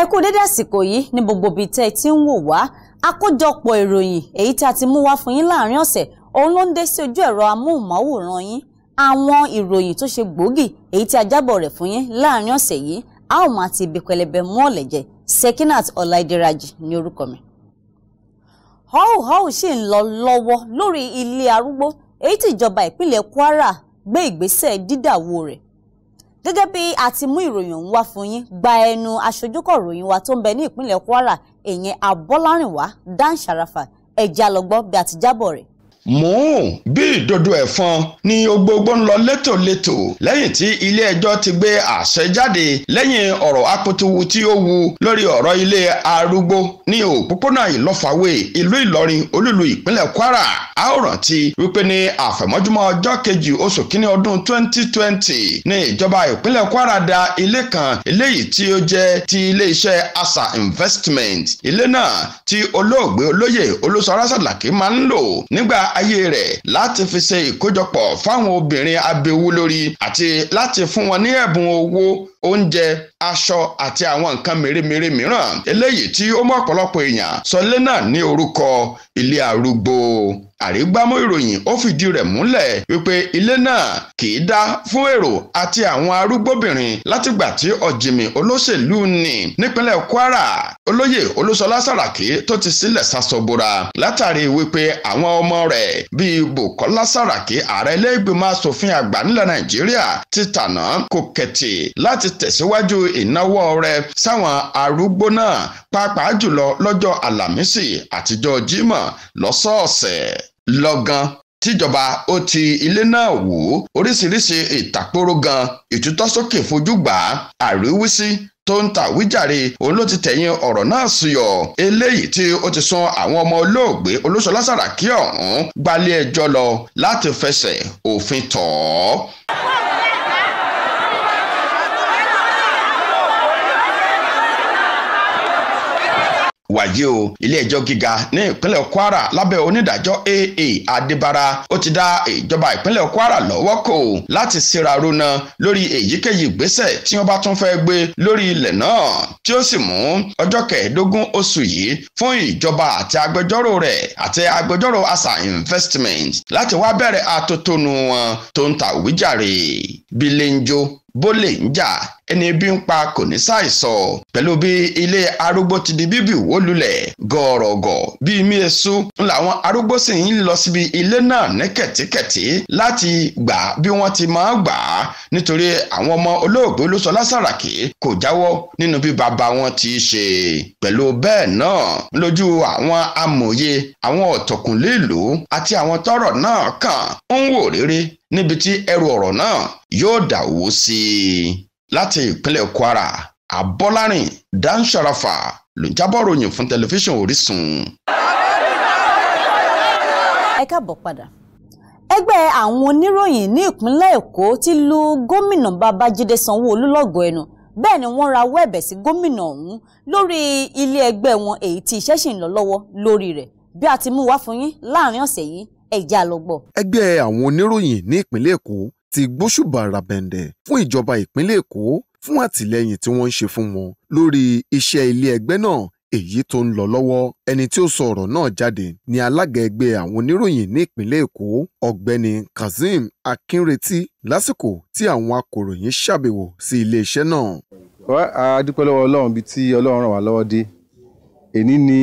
ẹ kú dédé àsìkò yìí ní gbogbo ibi tẹ́ ẹ ti ń wò wá àkójọpọ̀ ìròyìn èyí tí a ti mú wá fún yín láàrin ọ̀sẹ̀ òun ló ń dé sí ojú ẹ̀rọ amóhùnmáwòrán yín àwọn ìròyìn tó ṣe gbòógì èyí tí a jábọ̀ rẹ̀ fún yín láàrin ọ̀sẹ̀ yìí a ó máa ti ibi pẹlẹbẹ mú ọ̀lẹ̀jẹ̀ Sekinat Ọláìdíraji ní orúkọ mi. họ́wùhọ́wù sì ń lọ lọ́wọ́ lórí ilé arúgbó èyí tí ìjọba ìpínlẹ̀ Kwara gbé ìgbésẹ̀ dídàwó rẹ̀ gẹ́gẹ́ bí a ti mú ìròyìn ọ̀hún wá fún yín gba ẹnu aṣojúkọ̀ròyìn wa tó ń bẹ ní ìpínlẹ̀ Kwara èèyàn Abọ́lárìnwá Dan Sharafa ẹ̀já lọ́gbọ́n bí a ti jábọ̀ rẹ̀ mòún bí ìdodo ẹ̀fọn ni gbogbo ń lọ létòlétò lẹ́yìn tí ilé ẹjọ́ ti gbé àṣẹ jáde lẹ́yìn ọ̀rọ̀ akutuwu tí ó wu lórí ọ̀rọ̀ ilé arúgbó ní òpópónà ìlọ́fàwé ìlú ìlọrin olúlu ìpínlẹ̀ kwara a ó rántí wípé ní àfẹ̀mọ́júmọ́ ọjọ́ kejì oṣù kínní ọdún 2020 ní ìjọba ìpínlẹ̀ kwara da ilé kan eléyìí tí ó jẹ́ ti iléeṣẹ́ asa investment ilé náà ti olóògbé olóyè olúṣọlá sàlàkí máa ń lò ayé rẹ̀ láti fi ṣe ìkójọpọ̀ fáwọn obìnrin abẹ́wú lórí àti láti fún wọn ní ẹ̀bùn owó oúnjẹ aṣọ àti àwọn nǹkan mèremère mìíràn eléyìí tí ó mú ọ̀pọ̀lọpọ̀ èèyàn sọlé náà ní orúkọ ilé arúgbó àrígbámú ìròyìn ó fìdí rẹ̀ múlẹ̀ wípé ilé náà kìí dá fún èrò àti àwọn arúgbóbìnrin látìgbà tí ọ̀jìnmí olóṣèlú ni nípínlẹ̀ Kwara olóyè Olúṣọlá Sàràkí tó ti sílẹ̀ sasọbora látàrí wípé àwọn ọmọ rẹ̀ bíi Bùkọ́lá Sàràkí ààrẹ ilé ìgbìmọ̀ asòfin àgbà nílẹ̀ Nàìjíríà ti tànà kò kẹ̀tì láti tẹ̀síwájú ìnáwó rẹ̀ sáwọn arúgbó náà pàápàá jùlọ lọ́jọ́ Àlàmísì àtijọ́ Jímọ̀ lọ́sọ̀ọ̀sẹ̀ lọ́gán tíjọba ó ti ilé náà wò oríṣiríṣi ìtàkpóró gan ìtútọ́sókè fojú gbà àríwísí tó ń ta àwíjàre òun ló ti tẹ̀yìn ọ̀rọ̀ náà suyọ̀ eléyìí tí ó ti sún àwọn ọmọ olóògbé Olúṣọlá Sàràkí ọ̀hún gbalé ẹjọ́ lọ láti fẹsẹ̀ òfin tọ̀ ọ́. wàyí o ilé-ẹjọ́ gíga ní ìpínlẹ̀ kwara lábẹ́ onídàájọ́ aa adébára ó ti dá ìjọba ìpínlẹ̀ kwara lọ́wọ́ kò láti ṣera rona lórí èyíkéyìí ìgbésẹ̀ tí wọ́n bá tún fẹ́ gbé lórí ilẹ̀ náà tí ó sì mú ọjọ́ kẹẹ̀ẹ́dógún oṣù yìí fún ìjọba àti agbẹjọ́rò rẹ̀ àti agbẹjọ́rò asa investment láti wá bẹ̀rẹ̀ atótónu wọn tó ń ta òwíjàre bíléńjó bólè ń jà ẹni bí ń pa kò ní ṣàìsọ pẹ̀lú bí ilé arúgbó ti di bíbí wó lulẹ̀ gọ̀ọ̀rọ̀gọ̀ bíi mí esu ń làwọn arúgbó sì ń lọ síbi ilé náà ní kẹ̀tíkẹ̀tí láti gbà bí wọ́n ti máa gbà á nítorí àwọn ọmọ olóògbé Olúṣọlá Sàràkí kò jáwọ́ nínú bí bàbá wọn ti ṣe pẹ̀lú bẹ́ẹ̀ náà lójú àwọn amòye àwọn ọ̀tọ̀kùnlé àti àwọn tọ́rọ̀ náà kàn ń wò rere níbi tí ẹrù ọ̀rọ̀ náà yóò dàwó sí i láti ìpínlẹ̀ Kwara Abọ́lárìn Dan Sharafa ló ń jábọ̀ ròyìn fún tẹlifíṣàn Orísun. ẹ káàbọ̀ padà ẹgbẹ́ àwọn oníròyìn ní ìpínlẹ̀ Èkó ti lu gómìnà Babájídé Sanwó-Olú lọ́gọ̀ọ́ ẹnu bẹ́ẹ̀ ni wọ́n rawọ́ ẹ̀bẹ̀ sí gómìnà ọ̀hún lórí ilé ẹgbẹ́ wọn èyí tí iṣẹ́ sì ń lọ lọ́wọ́ lórí rẹ̀ bí a ti mú wá fún yín láàrin ọ̀sẹ̀ yìí ẹ̀já lọ gbọ́. ẹgbẹ́ àwọn oníròyìn ní ìpínlẹ̀ èkó ti gbóṣùbà ràbẹ̀ǹdẹ̀ fún ìjọba ìpínlẹ̀ èkó fún àtìlẹ́yìn tí wọ́n ń ṣe fún wọn lórí iṣẹ́ ilé ẹgbẹ́ náà èyí tó ń lọ lọ́wọ́ ẹni tí ó sọ ọ̀rọ̀ náà jáde ni alága ẹgbẹ́ àwọn oníròyìn ní ìpínlẹ̀ èkó ọ̀gbẹ́ni kazeem akínretí lásìkò tí àwọn akòròyìn ṣàbẹ̀wò sí iléeṣẹ́ náà. a dúpẹ́ lọ́wọ́ ọlọ́run bíi tí ọlọ́run ràn wá lọ́wọ́ dé èní ni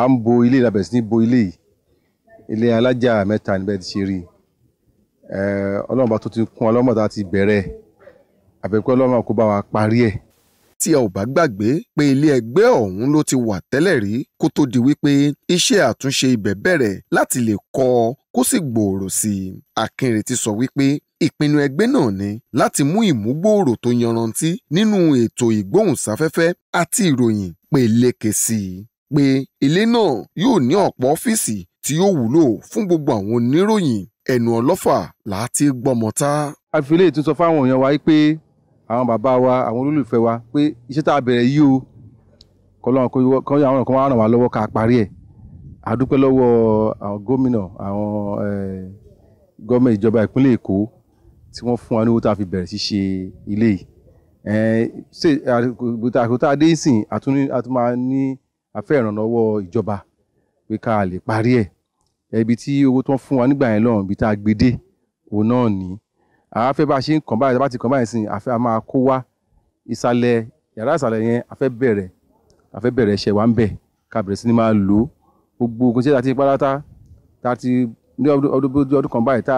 à ń bo ilé ìlàbẹ̀sí ní bo ilé yìí ilé alájà mẹ́ta níbẹ̀ ti ṣe rí ọlọ́run bá tó ti kún ọlọ́mọ tá a ti bẹ̀rẹ̀ àbẹ̀pẹ́ ọlọ́run kó bá wa parí ẹ̀. tí a ò bá gbàgbé pé ilé ẹgbẹ́ ọ̀hún ló ti wà tẹ́lẹ̀ rí kó tó di wípé iṣẹ́ àtúnṣe ibẹ̀ bẹ̀rẹ̀ láti lè kọ́ ọ kó sì gbòòrò sí i. Akínrètí sọ wípé ìpinnu ẹgbẹ́ náà ni láti mú ìmúgbòòrò tó yanrantí nínú ètò ìgbóhùnsáfẹ́fẹ́ àti ìròyìn peléke sí pé ilé náà yóò ní ọ̀pọ̀ ọ́fíìsì tí yóò wúlò fún gbogbo àwọn oníròyìn ẹnu ọlọ́fà láti gbọ́mọ tá. a fi lè tún sọ fáwọn èèyàn wa pé àwọn bàbá wa àwọn olólùfẹ́ wa pé iṣẹ́ tá a bẹ̀rẹ̀ yìí o kọ́lọ́run kó àwọn kan wá ràn wá lọ́wọ́ ká parí ẹ̀ a lọ́wọ́ àwọn gómìnà àwọn eh, gọ́ọ̀mẹ̀ntì ìjọba ìpínlẹ̀ Èkó tí wọ́n fún wa ní tá a fi bẹ̀rẹ̀ ṣíṣe ilé yìí àkótá adéǹsìn àtúnmáà ní afẹ́ ìrànlọ́wọ́ ìjọba pé ká lè parí ẹ̀ ibi tí owó tó ń fún wa nígbà yẹn lọ́hùn ibi tá a gbé dé òun náà ní àáfẹ́ bá a ṣe ń kàn báyìí bá ti kàn báyìí sìn àfẹ́ a máa kó wá ìsàlẹ̀ yàrá ìsàlẹ̀ yẹn àfẹ́ bẹ̀rẹ̀ àfẹ́ bẹ̀rẹ̀ ṣẹ̀ wá ń bẹ̀ ká bẹ̀rẹ̀ sí ni máa lò ó gbogbo ogun tí a ti tá a ti ní ọdún kan báyìí tá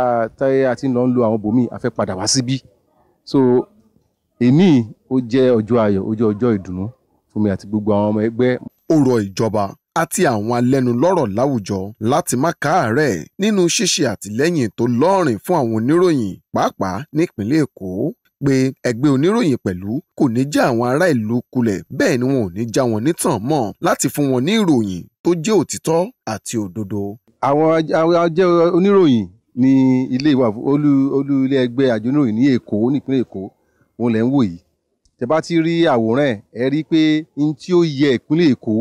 a ti lọ ń lo àwọn bòmíì àfẹ́ padà wá síbí so èmi ó jẹ́ ọjọ́ ayọ̀ ó jẹ́ ọjọ́ ìdùnnú fún mi àti gbogbo àwọn ọmọ ẹgbẹ́. ó rọ ìjọba àti àwọn alẹ́nulọ́rọ̀ láwùjọ láti má káàárẹ̀ nínú ṣíṣe àtìlẹ́yìn tó lọ́ọ̀rìn fún àwọn oníròyìn pàápàá nípìnlẹ̀ Èkó pé ẹgbẹ́ oníròyìn pẹ̀lú kò ní já àwọn ará ìlú kulẹ̀ bẹ́ẹ̀ ni wọn ò ní já wọn nítàn mọ́ láti fún wọn ní ìròyìn tó jẹ́ òtítọ́ àti òdodo. àwọn ajẹ́ oníròyìn ní ilé ìwà olú olú ilé ẹgbẹ́ àjọ oníròyìn ní Èkó nípínlẹ̀ Èkó wọn lẹ́ ń wò yìí tẹ́ bá ti rí àwòrán ẹ̀ ẹ rí i pé n tí ó yẹ ìpínlẹ̀ Èkó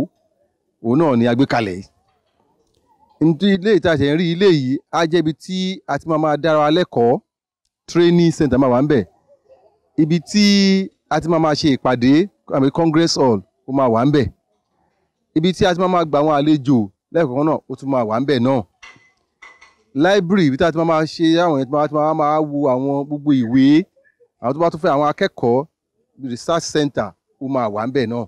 òun náà ni agbékalẹ̀ yìí nítorí ilé ìtajà ń rí ilé yìí á jẹ́ ibi tí a ti máa máa dára lẹ́kọ̀ọ́ training center máa wà ń bẹ̀ ibi tí a ti máa máa ṣe ìpàdé àmì congress hall ó máa wà ń bẹ̀ ibi tí a ti máa máa gba àwọn àlejò lẹ́ẹ̀kọ̀ọ̀kan náà ó tún máa wà ń bẹ̀ náà library ibi tí a ti máa máa ṣe àwọn yẹn tí máa máa wo àwọn gbogbo ìwé àwọn tó bá tún fẹ́ àwọn akẹ́kọ̀ọ́ research center ó máa wà ń bẹ̀ náà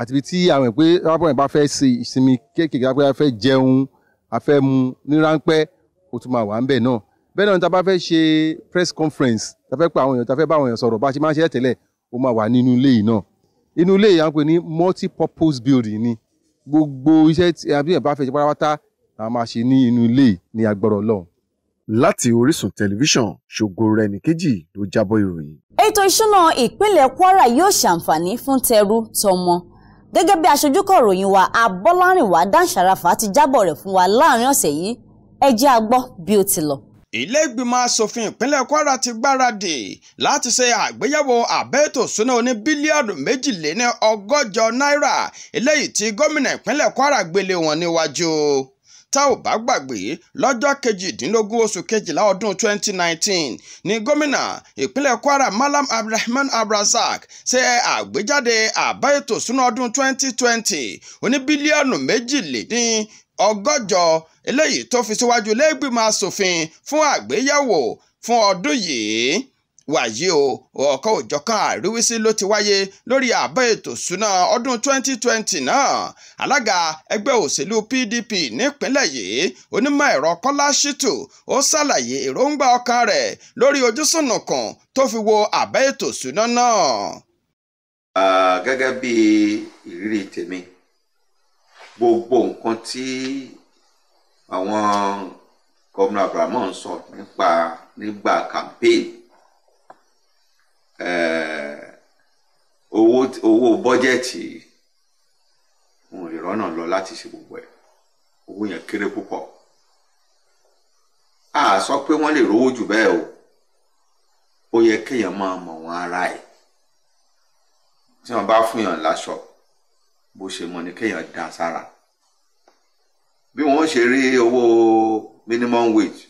àti ibi tí àwọn èèyàn pé rábọ̀n bá fẹ́ ṣe ìsinmi kéékèèké pé a fẹ́ jẹun a fẹ́ mu ní ráńpẹ́ ó tún máa wà ń náà bẹ́ẹ̀ náà ta bá fẹ́ ṣe press conference ta fẹ́ pa àwọn èèyàn ta fẹ́ bá àwọn èèyàn sọ̀rọ̀ bá a ṣe máa ṣe tẹ́lẹ̀ ó máa wà nínú ilé yìí náà inú ilé yìí à ń pè ní multi-purpose building ni gbogbo iṣẹ́ tí àbíyàn bá fẹ́ ṣe pátápátá la máa ṣe ní inú ilé yìí ní agbọ́rọ̀ Ọlọ́run láti Orísun tẹlifíṣàn ṣògo rẹ nìkejì ló jábọ̀ ìròyìn. ètò ìṣúná ìpínlẹ̀ Kwara yóò ṣàǹfààní fún tẹrú tọmọ gẹ́gẹ́ bí aṣojúkọ̀ ìròyìn wa abọ́lárìnwá dáńsàràfà ti jábọ̀ rẹ̀ fún wa láàrin ọ̀sẹ̀ yìí ẹ jẹ́ a bí ó ti lọ. ilé ìgbìmọ̀ asòfin ìpínlẹ̀ Kwara ti gbáradì láti ṣe àgbéyẹ̀wò àbẹ́ẹ̀tò súná oní bílíọ̀nù méjìléní ọgọ́jọ náírà eléyìí tí gómìnà ìpínlẹ̀ Kwara gbélé wọn níwájú tá ò bá gbàgbé lọ́jọ́ kejìdínlógún oṣù kejìlá ọdún 2019 ni gómìnà ìpínlẹ̀ Kwara Malam Abdulrahman Abrazak ṣe àgbéjáde àbá ètò ìṣúná ọdún 2020 oní bílíọ̀nù méjìléní ọgọ́jọ eléyìí tó fi síwájú ilé ìgbìmọ̀ asòfin fún àgbéyẹ̀wò fún ọdún yìí wàyí o ọ̀kan òjọ̀kan àríwísí ló ti wáyé lórí àbá ètò ìṣúná ọdún 2020 náà alága ẹgbẹ́ òṣèlú PDP nípínlẹ̀ yìí onímọ̀ ẹ̀rọ Kọ́lá Ṣítù ó ṣàlàyé èròǹgbà ọkàn rẹ̀ lórí ojúsùnùkùn tó fi wo àbá ètò ìṣúná náà. gẹ́gẹ́ bí ìrírí tèmi gbogbo nǹkan tí àwọn gómìnà Abrahamu ń sọ nípa nígbà campaign Eh, owó owó bọ́jẹ̀tì wọn ò lè rọ́nà lọ láti ṣe gbogbo ẹ̀ owó yẹn kéré púpọ̀ a sọ pé wọ́n lè rówó jù bẹ́ẹ̀ o ó yẹ kéèyàn máa mọ̀ wọ́n ara ẹ̀ tí wọ́n bá fún yàn láṣọ bó ṣe mọ̀ ni kéèyàn dá sára bí wọ́n ṣe rí owó minimum wage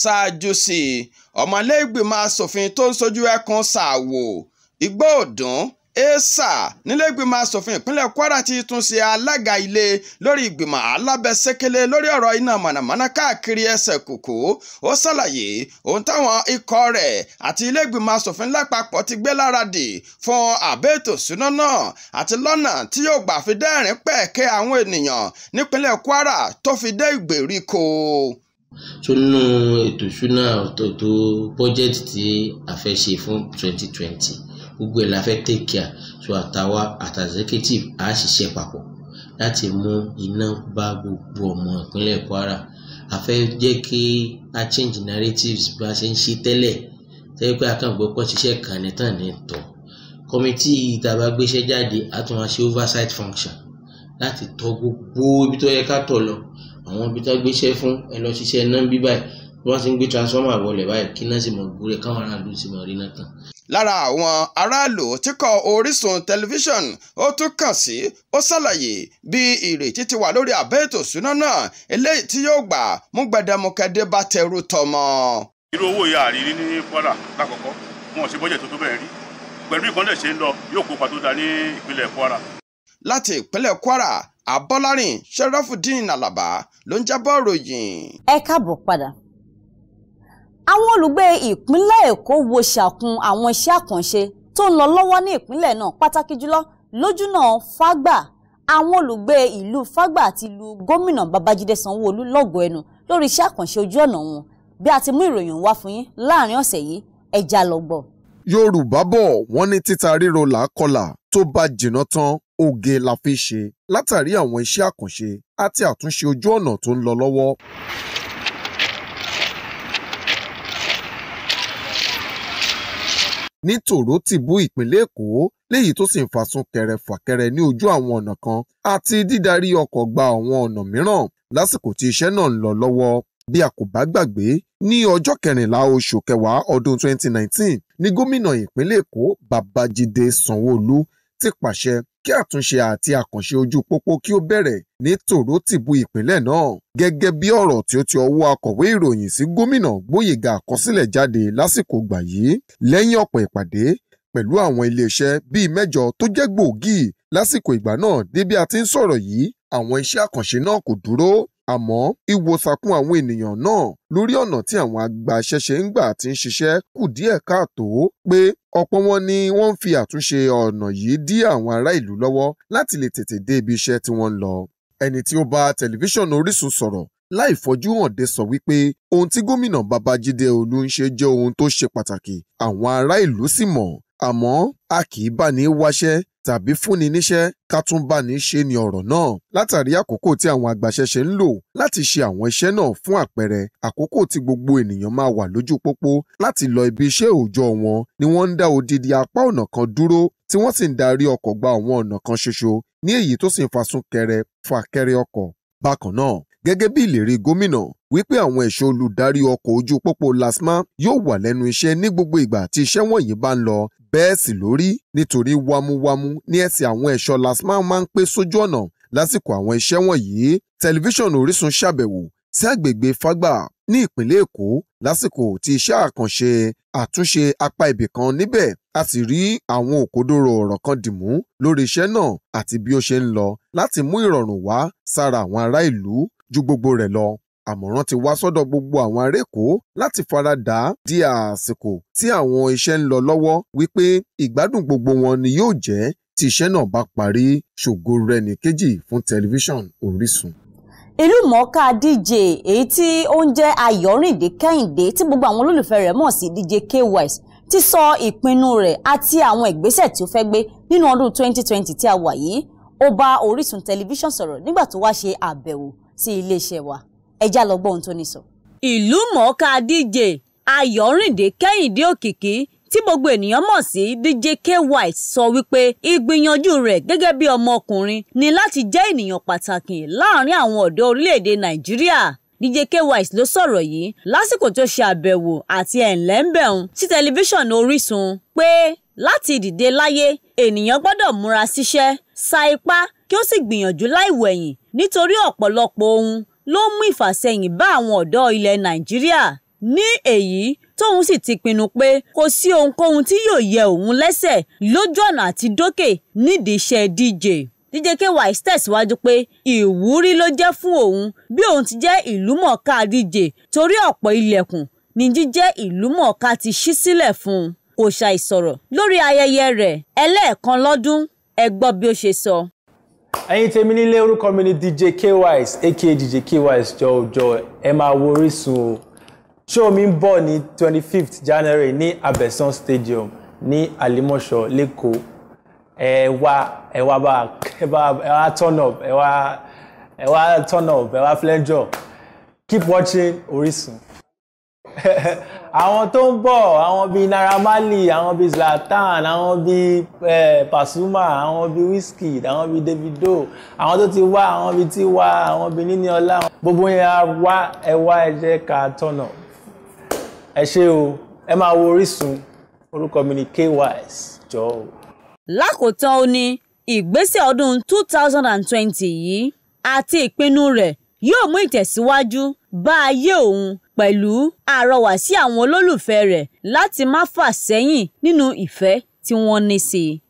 ṣáájú sí i ọmọlẹ́gbìmọ̀ asòfin tó ń sojú ẹkùn ṣàwò igbóòdùn esa nílẹ̀gbìmọ̀ asòfin ìpínlẹ̀ kwara ti tún ṣe alága ilé lórí ìgbìmọ̀ alábẹ́sẹ́kẹ́lẹ́ lórí ọ̀rọ̀ iná mọ̀nàmọ́ná káàkiri ẹsẹ̀ kòkó ó ṣàlàyé ohun táwọn ikọ̀ rẹ̀ àti ilẹ̀gbìmọ̀ asòfin lápapọ̀ ti gbé láradì fún àbẹ́ẹ̀tò súná náà àti lọ́nà tí yóò gbà fi dẹ́rìn pẹ̀kẹ́ àwọn ènìyàn nípínlẹ̀ kwara tó fi dé ìgbèríko so nínú ètò ìṣúná ètò budget tí a fẹ́ ṣe fún twenty twenty gbogbo ẹ̀ la fẹ́ take care so àtàwa àti executive á ṣiṣẹ́ papọ̀ láti mú iná bá gbogbo ọmọ ìpínlẹ̀ Kwara a fẹ́ jẹ́ kí a change narratives bá a ṣe ń ṣe tẹ́lẹ̀ tẹ́lẹ̀ pé akàngbọ́ pọ̀ ṣiṣẹ́ kan ní tàn ní tọ̀ kọ́mítì ìtàbá gbéṣẹ́ jáde a tún wá ṣe oversight function láti tọ gbogbo ibi tó yẹ ká tọ̀ lọ àwọn ibi tá gbéṣẹ́ fún ẹ lọ ṣiṣẹ́ iná ń bí báyìí bí wọ́n ti ń gbé transformer wọlé báyìí kí iná sì mọ̀ gúrẹ́ káwọn aráàlú sì mọ̀ rí iná tán. lára àwọn aráàlú tí kọ Orísun tẹlifíṣàn ó tún kàn sí ó ṣàlàyé bí ìrètí ti wà lórí àbẹ́ ètò ìṣúná náà eléyìí tí yóò gbà mú gbẹdẹmukẹdẹ bá tẹrù tọmọ. irú owó ìyá àrírí ní Kwara lákọ̀ọ́kọ́ wọn ò ṣe bọ́jẹ̀ tó tó bẹ́ẹ̀ rí pẹ̀lú ìkọ́ńdẹ̀ ṣe ń lọ yóò kópa tó da ní ìpínlẹ̀ Kwara. láti ìpínlẹ̀ Kwara abọ́lárìn sẹ́ráfùdín alábà ló ń jábọ̀ ròyìn. ẹ káàbọ̀ padà àwọn olùgbé ìpínlẹ̀ èkó wo ṣàkun àwọn iṣẹ́ àkànṣe tó ń lọ lọ́wọ́ ní ìpínlẹ̀ náà pàtàkì jùlọ lójúnà fágbà àwọn olùgbé ìlú fágbà àti ìlú gómìnà babájídé sanwóolu lọ́gọ̀ọ́ ẹnu lórí iṣẹ́ àkànṣe ojú ọ̀nà wọn bí a ti mú ìròyìn wá fún yín láàrin ọ̀sẹ̀ yìí ẹ já yorùbá bọ̀ wọ́n ní títa ríro làákọlà tó bá jìnnà tán oge la fi ṣe látàrí àwọn iṣẹ́ àkànṣe àti àtúnṣe ojú ọ̀nà tó ń lọ lọ́wọ́. ní tòró tìbú ìpínlẹ̀ èkó léyìí tó sì ń fasun kẹrẹfàkẹrẹ ní ojú àwọn ọ̀nà kan àti dídarí ọkọ̀ gba àwọn ọ̀nà mìíràn lásìkò tí iṣẹ́ náà ń lọ lọ́wọ́ bí a kò bá gbàgbé ní ọjọ́ kẹrìnlá oṣù kẹwàá ọdún 2019 ni gómìnà ìpínlẹ̀ èkó babájídé sanwóolu ti pàṣẹ kí àtúnṣe àti àkànṣe ojú pópó kí ó bẹ̀rẹ̀ ní tòrótìbú ìpínlẹ̀ náà gẹ́gẹ́ bí ọ̀rọ̀ tí ó ti ọwọ́ akọ̀wé ìròyìn sí gómìnà gbóyèga àkọsílẹ̀ jáde lásìkò gbà yìí lẹ́yìn ọ̀pọ̀ ìpàdé pẹ̀lú àwọn iléeṣẹ́ bíi mẹ́jọ tó jẹ́ gbòógì lásìkò ìgbà náà dé a ti ń sọ̀rọ̀ yìí àwọn iṣẹ́ àkànṣe náà kò dúró àmọ́ ìwòsàkun àwọn ènìyàn náà lórí ọ̀nà tí àwọn agbaṣẹ́ṣe ń gbà ti ń ṣiṣẹ́ kù díẹ̀ káàtó pé ọ̀pọ̀ wọn ni wọ́n ń fi àtúnṣe ọ̀nà yìí dí àwọn ará ìlú lọ́wọ́ láti lè tètè dé ibi iṣẹ́ tí wọ́n ń lọ. ẹni tí ó bá tẹlifíṣàn Orísun sọ̀rọ̀ láì fojú hàn dé sọ wípé ohun tí gómìnà Babájídé Olú ń ṣe jẹ́ ohun tó ṣe pàtàkì àwọn ará ìlú sì mọ̀ àmọ́ a kì í bá ní wáṣẹ́ tàbí fúnni níṣẹ́ ká tún bá ní ṣe ni ọ̀rọ̀ náà látàrí àkókò tí àwọn agbaṣẹ́ṣe ń lò láti ṣe àwọn iṣẹ́ náà fún àpẹẹrẹ àkókò tí gbogbo ènìyàn máa wà lójú pópó láti lọ ibi iṣẹ́ òòjọ́ wọn ni wọ́n ń dá odidi apá ọ̀nà kan dúró tí wọ́n sì ń darí ọkọ̀ gba àwọn ọ̀nà kan ṣoṣo ní èyí tó sì ń fa súnkẹrẹ fà kẹrẹ ọkọ̀ bákan náà gẹ́gẹ́ bí ìlérí gómìnà wípé àwọn ẹ̀ṣọ́ olùdarí ọkọ̀ ojú pópó LASTMA yóò wà lẹ́nu iṣẹ́ ní gbogbo ìgbà tí iṣẹ́ wọ̀nyí bá ń lọ bẹ́ẹ̀ sì lórí nítorí wámúwámú ní ẹ̀sìn àwọn ẹ̀ṣọ́ LASTMA máa ń pé sójú ọ̀nà lásìkò àwọn iṣẹ́ wọ̀nyí tẹlifíṣàn Orísun ṣàbẹ̀wò sí àgbègbè Fagbà ní ìpínlẹ̀ Èkó lásìkò tí iṣẹ́ àkànṣe àtúnṣe apá ibì kan níbẹ̀ a sì rí àwọn òkodoro ọ̀rọ̀ kan dìmú lórí iṣẹ́ náà àti bí ó ṣe ń lọ láti mú ìrọ̀rùn wá sára àwọn ará ìlú ju gbogbo rẹ̀ lọ àmọ̀ràn ti wá sọ́dọ̀ gbogbo àwọn ará Èkó láti faradà di àsìkò tí àwọn iṣẹ́ ń lọ lọ́wọ́ wípé ìgbádùn gbogbo wọn ni yóò jẹ́ tí iṣẹ́ náà bá parí ṣògo rẹ̀ nìkejì fún tẹlifíṣàn Orísun ìlú mọ̀ọ́ká dj èyí tí ó ń jẹ́ ayọ̀rìndé kẹ́hìndé tí gbogbo àwọn olólùfẹ́ rẹ̀ mọ̀ sí dj kwise ti sọ ìpinnu rẹ̀ àti àwọn ìgbésẹ̀ tí ó fẹ́ gbé nínú ọdún 2020 tí a wà yìí ó bá orísun tẹlifíṣàn sọ̀rọ̀ nígbà tó wá ṣe àbẹ̀wò sí iléeṣẹ́ wa ẹjá lọ gbọ́ ohun tó ní sọ. ìlú mọ̀ọ́ká dj ayọ̀rìndé kẹ́hìndé òkìkí tí gbogbo ènìyàn mọ̀ sí dj k white sọ wípé ìgbìyànjú rẹ̀ gẹ́gẹ́ bí ọmọkùnrin ni láti jẹ́ ènìyàn pàtàkì láàrin àwọn ọ̀dọ́ orílẹ̀-èdè nàìjíríà dj k white ló sọ̀rọ̀ yìí lásìkò tó ṣe àbẹ̀wò àti ẹ̀ńlẹ́ńbẹ̀hún sí tẹlifíṣàn orísun pé láti dìde láyé ènìyàn gbọ́dọ̀ múra síṣẹ́ sa ipá kí ó sì gbìyànjú láìwẹ̀yìn nítorí ọ̀pọ̀lọpọ̀ ohun ló mú ìfàsẹ́yìn bá àwọn ọ̀dọ́ ilẹ̀ Nàìjíríà ní èyí tóun sì ti pinnu pé kò sí ohunkóhun tí yóò yẹ òun lẹ́sẹ̀ lójú ọ̀nà àti dókè nídìí iṣẹ́ DJ. DJ Kaywise tẹ̀síwájú pé ìwúrí ló jẹ́ fún òun bí òun ti jẹ́ ìlúmọ̀ọ́ká DJ torí ọ̀pọ̀ ilẹ̀kùn ní jíjẹ́ ìlúmọ̀ọ́ká ti ṣí sílẹ̀ fún un kò ṣàìsọ̀rọ̀ lórí ayẹyẹ rẹ̀ ẹlẹ́ẹ̀kan lọ́dún ẹ gbọ́ bí ó ṣe sọ ẹ̀yin tèmi nílé orúkọ mi ni dj kwise aka dj kwise jọjọ ẹ máa wo Orísun o show mi ń bọ̀ ní twenty fifth january ní abẹ́sán stadium ní àlìmọ̀ṣọ́ lẹ́kọ̀ọ́ ẹ wá ẹ wá bá ẹ bá ẹ wá turn up ẹ wá ẹ wá turn up ẹ wá flenjọ keep watching Orísun. àwọn tó ń bọ̀ àwọn bíi Naira Marley àwọn bíi Zlatan àwọn bíi Pasuma àwọn bíi Wizkid àwọn bíi Davido àwọn tó ti wá àwọn bíi Tiwa àwọn bíi Niniola gbogbo yẹn á wá ẹ wá ẹ jẹ́ ká tọ̀nà ẹ ṣé o ẹ máa wo Orísun orúkọ mi ni Kaywise jọ o. lákòótán ó ní ìgbésẹ̀ ọdún two thousand and twenty yìí àti ìpinnu rẹ̀ yóò mú ìtẹ̀síwájú bá ayé òun pẹ̀lú àrọwà sí àwọn olólùfẹ́ rẹ̀ láti má fà sẹ́yìn nínú ìfẹ́ tí wọ́n ní sí i.